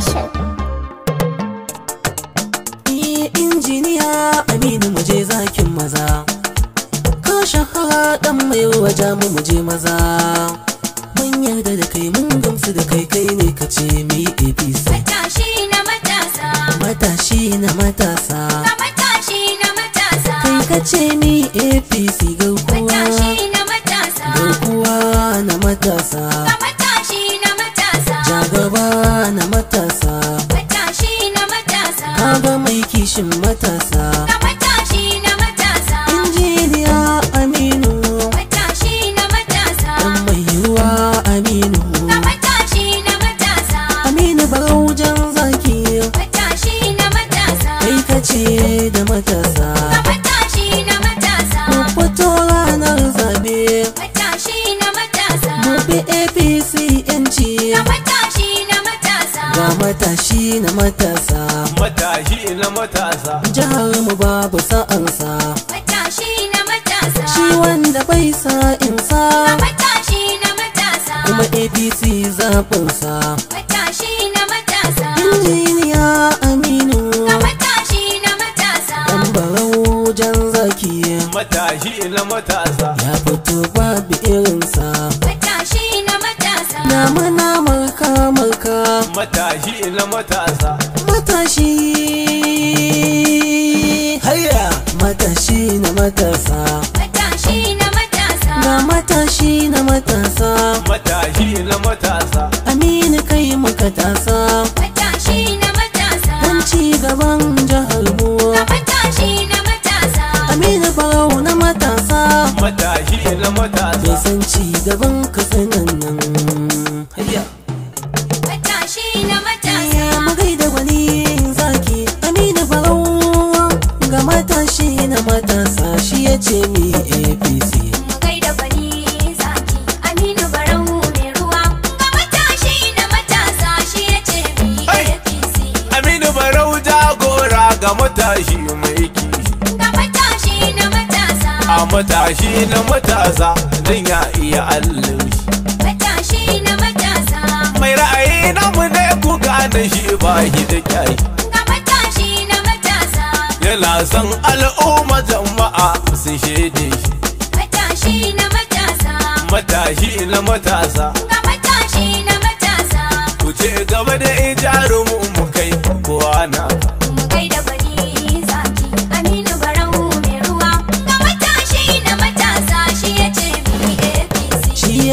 Production. injiniya Aminu mu je zakin maza. Ka shahara dan mai waja mu je maza. Mun yarda da kai mun gamsu da kai kai ne ka ce mu yi ABC. Matashi na matasa. Matashi na matasa. Ka matashi na matasa. Kai ka ce mu yi APC. matashi na matasa matashi na matasa jihar mu babu sa'ansa matashi na matasa shi wanda bai sa insa matashi na matasa kuma apc zaɓinsa matashi na matasa injiniya aminu matashi na matasa ɗan barau jan zaki matashi na matasa matasa matashi na matasa Na matashi na matasa matashi na matasa aminu kai muka tasa matashi na matasa dan ci gaban jihar Na matashi na matasa aminu barau na matasa matashi na matasa bai ci gaban ga matashi mai kishi ga matashi na matasa a matashi na matasa don ya iya allon matashi na matasa mai ra'ayi na mu ne ku gane shi ba shi da kyai ga matashi na matasa yana son al'umma jama'a su shaide shi matashi na matasa matashi na matasa ga matashi na matasa ku ce gaba da ijarumu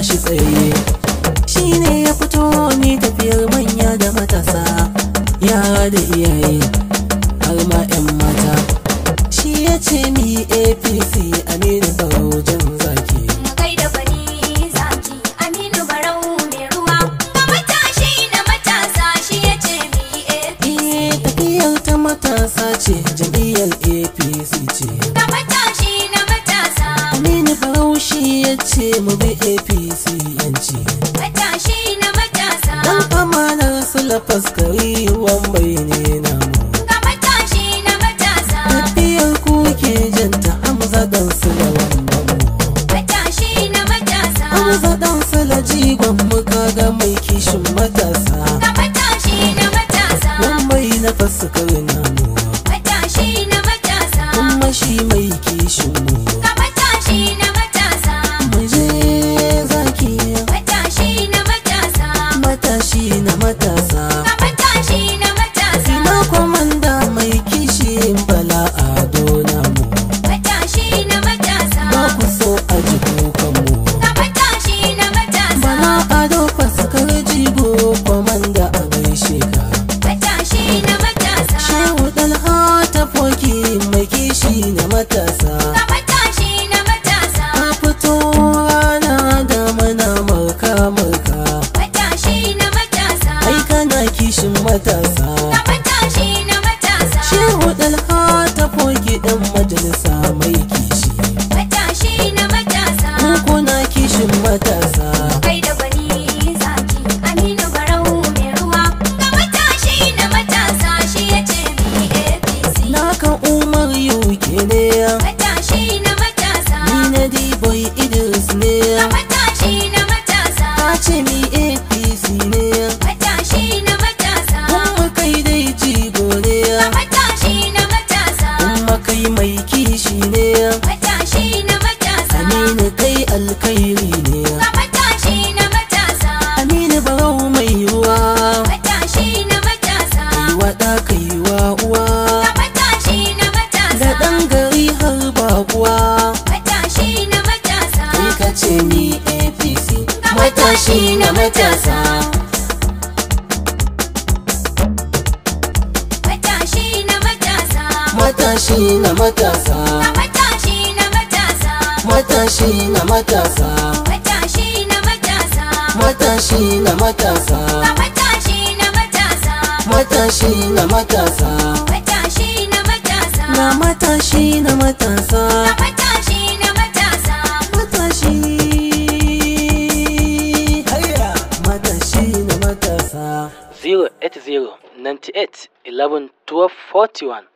tashi tsaye shi ne ya fito ne tafiyar manya da matasa yara da iyaye har ma 'yan mata shi ya ce mi apc ACNC. Matashi na matasa. Dan amana su lafas kawai wambai ne na mu. Ga matashi na matasa. Tafiyar ku ke janta amsa dan su da mu. Matashi na matasa. Amsa dan sula da jigon mu kaga mai kishin matasa. Ga matashi na matasa. Wan Wambai na fasu kawai mu. Matashi na matasa. Kuma shi mai kishin mu. don't. ne matashi na matasa aminu kai alkhairi ne matashi na matasa aminu barau mai yiwa matashi na matasa yiwa da kai wa uwa matashi na matasa da dan gari har babuwa matashi na matasa kai ka ce ni apc matashi na matasa. matashi na matasa matashi na matasa matashi na matasa matashi na matasa matashi na matasa matashi na matasa matashi na matasa matashi na matasa na matashi na matasa matashi na matasa matashi matashi na matasa 080 98